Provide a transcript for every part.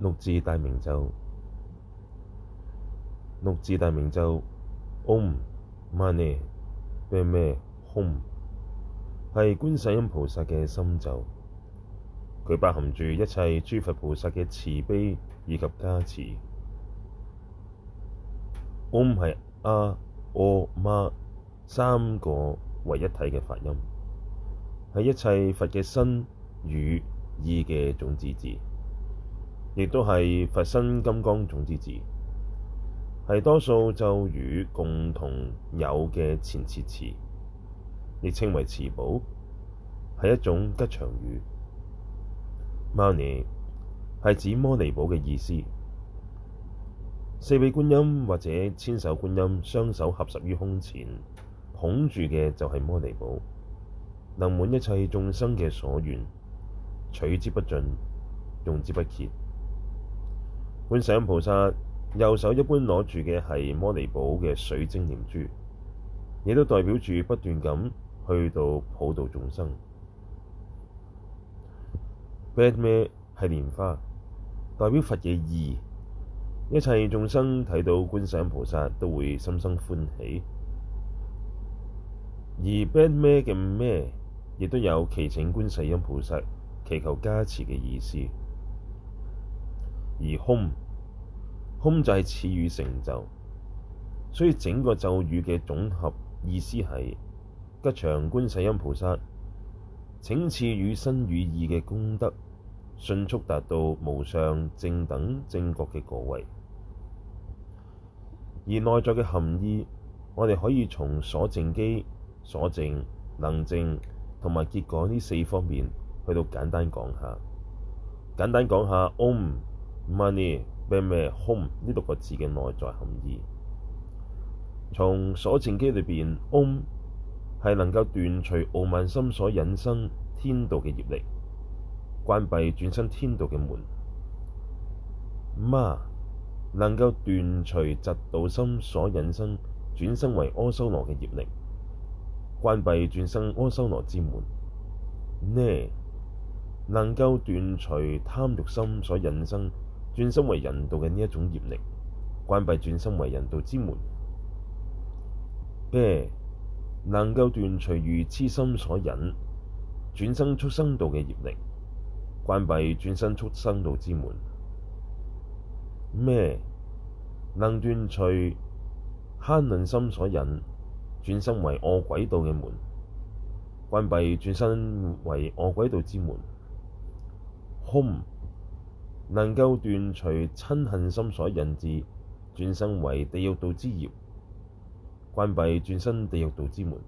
六字大明咒，六字大明咒，Om Mani Padme Hum，係觀世音菩薩嘅心咒，佢包含住一切諸佛菩薩嘅慈悲以及加持。Om 係阿、哦、媽三個為一體嘅發音，係一切佛嘅身、語、意嘅種子字。亦都係佛身金剛種子字，係多數咒語共同有嘅前置詞，亦稱為持寶，係一種吉祥語。嘛呢係指摩尼寶嘅意思。四臂觀音或者千手觀音，雙手合十於胸前，捧住嘅就係摩尼寶，能滿一切眾生嘅所願，取之不盡，用之不竭。觀世音菩薩右手一般攞住嘅係摩尼寶嘅水晶念珠，亦都代表住不斷咁去到普度眾生。叭咪係蓮花，代表佛嘅意，一切眾生睇到觀世音菩薩都會心生歡喜。而叭咪嘅咩，亦都有祈請觀世音菩薩祈求加持嘅意思，而空。吽就係賜予成就，所以整個咒語嘅總合意思係吉祥觀世音菩薩請賜予身語意嘅功德，迅速達到無上正等正覺嘅果位。而內在嘅含義，我哋可以從所淨基、所淨、能淨同埋結果呢四方面去到簡單講下。簡單講下，Om Mani。咩咩空呢六個字嘅內在含義，從所淨基裏邊嗡」，m 係能夠斷除傲慢心所引生天道嘅業力，關閉轉生天道嘅門 m 能夠斷除嫉妒心所引生轉生為阿修羅嘅業力，關閉轉生阿修羅之門呢」，能夠斷除貪欲心所引生。轉身為人道嘅呢一種業力，關閉轉身為人道之門；咩、呃、能夠斷除愚痴心所引轉身畜生道嘅業力，關閉轉身畜生道之門；咪、呃、能斷除慳吝心所引轉身為餓鬼道嘅門，關閉轉身為餓鬼道之門；吽、呃。能夠斷除嗔恨心所引致轉生為地獄道之業，關閉轉生地獄道之門。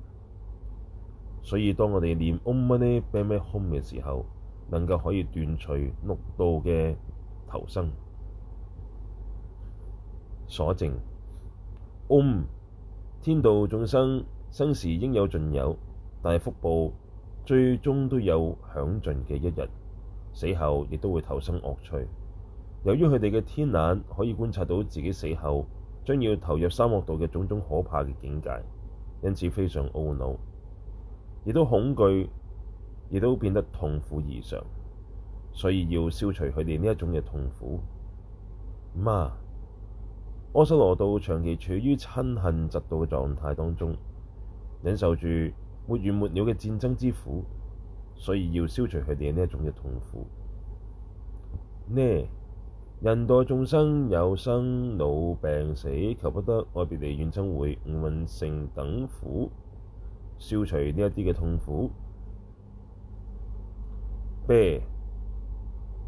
所以當我哋念 Om Mani Padme Hum 嘅時候，能夠可以斷除六道嘅投生所淨。Om，天道眾生生時應有盡有，但係福報最終都有享盡嘅一日。死後亦都會投生惡趣。由於佢哋嘅天眼可以觀察到自己死後將要投入三惡道嘅種種可怕嘅境界，因此非常懊惱，亦都恐懼，亦都變得痛苦異常。所以要消除佢哋呢一種嘅痛苦。嘛，阿修羅道長期處於嗔恨嫉妒嘅狀態當中，忍受住沒完沒了嘅戰爭之苦。所以要消除佢哋呢一種嘅痛苦呢。人道眾生有生老病死，求不得、愛別離、怨憎會、五蘊盛等苦，消除呢一啲嘅痛苦。悲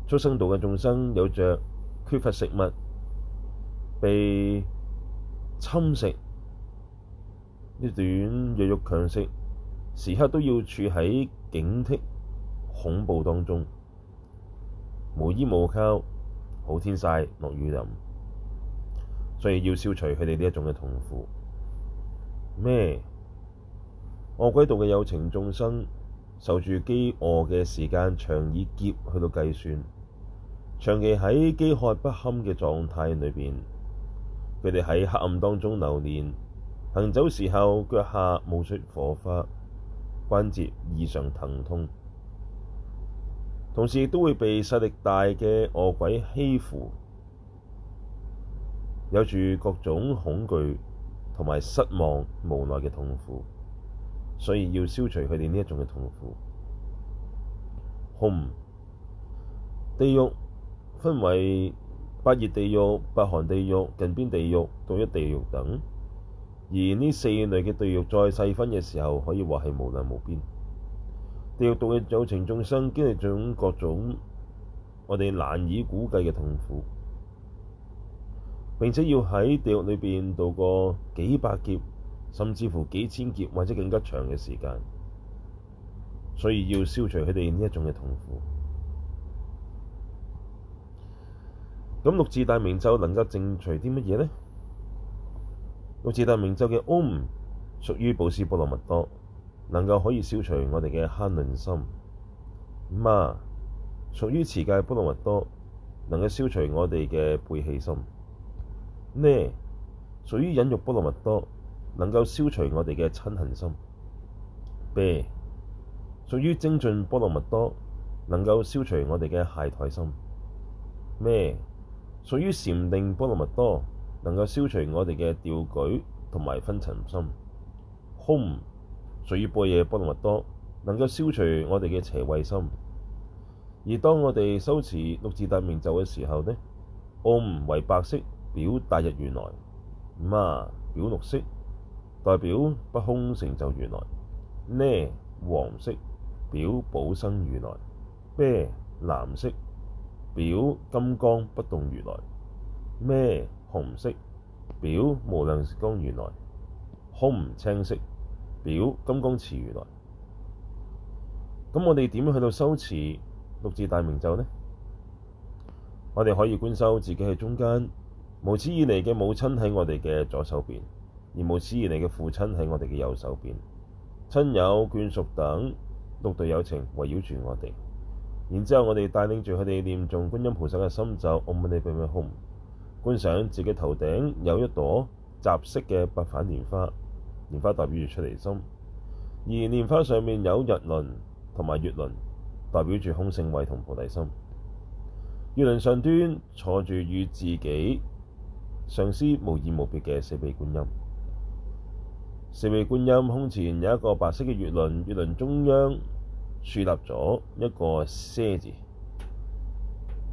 畜生道嘅眾生有，有着缺乏食物，被侵食，呢段弱肉、肉強食，時刻都要處喺警惕恐怖當中，無依無靠，好天曬落雨淋，所以要消除佢哋呢一種嘅痛苦。咪，餓鬼道嘅有情眾生受住飢餓嘅時間長以劫去到計算，長期喺飢渴不堪嘅狀態裏邊，佢哋喺黑暗當中流連，行走時候腳下冒出火花。關節異常疼痛，同時亦都會被勢力大嘅惡鬼欺負，有住各種恐懼同埋失望、無奈嘅痛苦，所以要消除佢哋呢一種嘅痛苦。吽，地獄分為八熱地獄、八寒地獄、近邊地獄、獨一地獄等。而呢四類嘅地獄再細分嘅時候，可以話係無量無邊。地獄度嘅有情眾生經歷咗各種我哋難以估計嘅痛苦，並且要喺地獄裏邊度過幾百劫，甚至乎幾千劫或者更加長嘅時間，所以要消除佢哋呢一種嘅痛苦。咁六字大明咒能夠正除啲乜嘢呢？六字大明咒嘅 Om 屬於布施波羅蜜多，能夠可以消除我哋嘅慳吝心；Ma 屬於持戒波羅蜜多，能夠消除我哋嘅背棄心；Ne 屬於忍辱波羅蜜多，能夠消除我哋嘅嗔恨心；Be 屬於精進波羅蜜多，能夠消除我哋嘅懈怠心；咪屬於禪定波羅蜜多，能夠消除我哋嘅掉舉同埋昏沉心，空隨背嘢波羅蜜多，能夠消除我哋嘅邪慧心。而當我哋修持六字大明咒嘅時候咧，唵為白色，表大日如來；嘛表綠色，代表不空成就如來；呢黃色表寶生如來；唄藍色表金剛不動如來咩？Be, 紅色表無量光如來，吽青色表金剛持如來。咁我哋點樣去到修持六字大明咒呢？我哋可以觀修自己喺中間，無始以嚟嘅母親喺我哋嘅左手邊，而無始以嚟嘅父親喺我哋嘅右手邊，親友眷屬等六道有情圍繞住我哋。然之後我哋帶領住佢哋念誦觀音菩薩嘅心咒，我問你俾唔俾空？觀想自己頭頂有一朵雜色嘅八瓣蓮花，蓮花代表住出離心，而蓮花上面有日輪同埋月輪，代表住空性慧同菩提心。月輪上端坐住與自己上師無二無別嘅四臂觀音，四臂觀音胸前有一個白色嘅月輪，月輪中央豎立咗一個舍字，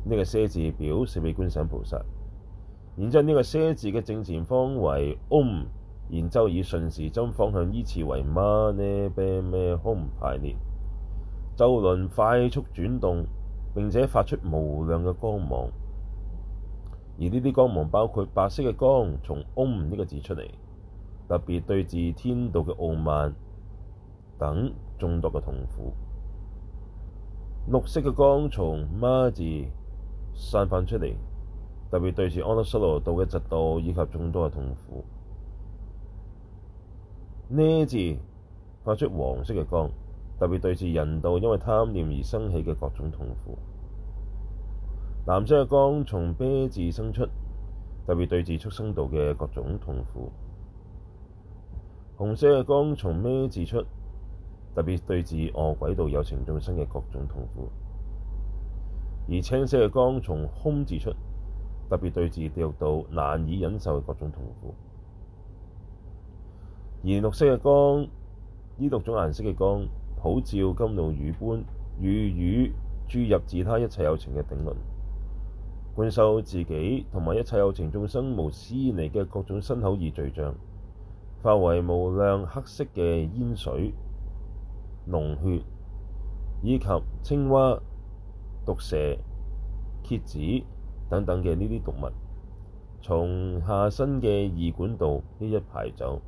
呢、這個舍字表示四臂觀音菩薩。然之後呢個舍字嘅正前方為嗡，然之後以順時針方向依次為嘛呢唄咩吽排列。咒輪快速轉動，並且發出無量嘅光芒。而呢啲光芒包括白色嘅光從嗡呢個字出嚟，特別對治天道嘅傲慢等眾多嘅痛苦。綠色嘅光從嘛字散發出嚟。特別對治阿修羅道嘅嫉妒以及眾多嘅痛苦，呢字發出黃色嘅光，特別對治人道因為貪念而生起嘅各種痛苦。藍色嘅光從唄字生出，特別對治畜生道嘅各種痛苦。紅色嘅光從咪字出，特別對治餓鬼道有情眾生嘅各種痛苦。而青色嘅光從吽字出。特別對治地獄道難以忍受嘅各種痛苦，而綠色嘅光，呢六種顏色嘅光，普照甘露如雨注入自他一切有情嘅頂輪，灌受自己同埋一切有情眾生無始以來嘅各種身口意罪障，化為無量黑色嘅煙水、膿血，以及青蛙、毒蛇、蠍子。等等嘅呢啲毒物，從下身嘅二管道一一排走，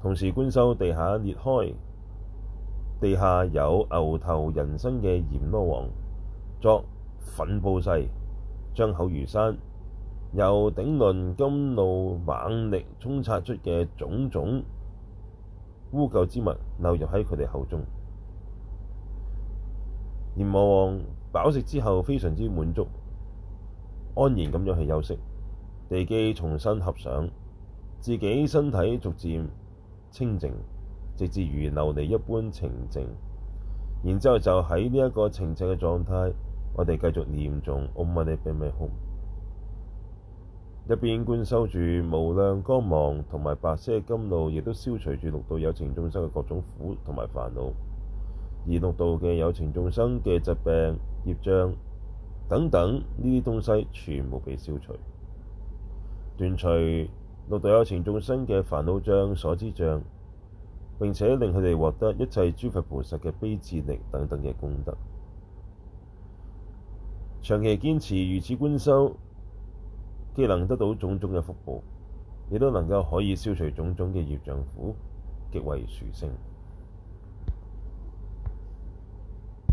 同時觀想地下裂開，地下有牛頭人身嘅閻羅王作憤布勢，張口如山，由頂輪甘露猛力沖刷出嘅種種污垢之物流入喺佢哋口中。閻羅王飽食之後非常之滿足。安然咁樣去休息，地基重新合上，自己身體逐漸清靜，直至如琉璃一般澄靜。然之後就喺呢一個澄靜嘅狀態，我哋繼續念誦嗡嘛呢唄咪吽，入邊灌收住無量光芒同埋白色嘅甘露，亦都消除住六道有情眾生嘅各種苦同埋煩惱，而六道嘅有情眾生嘅疾病、業障。等等呢啲東西全部被消除，斷除六道有情眾生嘅煩惱障、所知障，並且令佢哋獲得一切諸佛菩薩嘅悲智力等等嘅功德。長期堅持如此觀修，既能得到種種嘅福報，亦都能夠可以消除種種嘅業障苦，極為殊勝。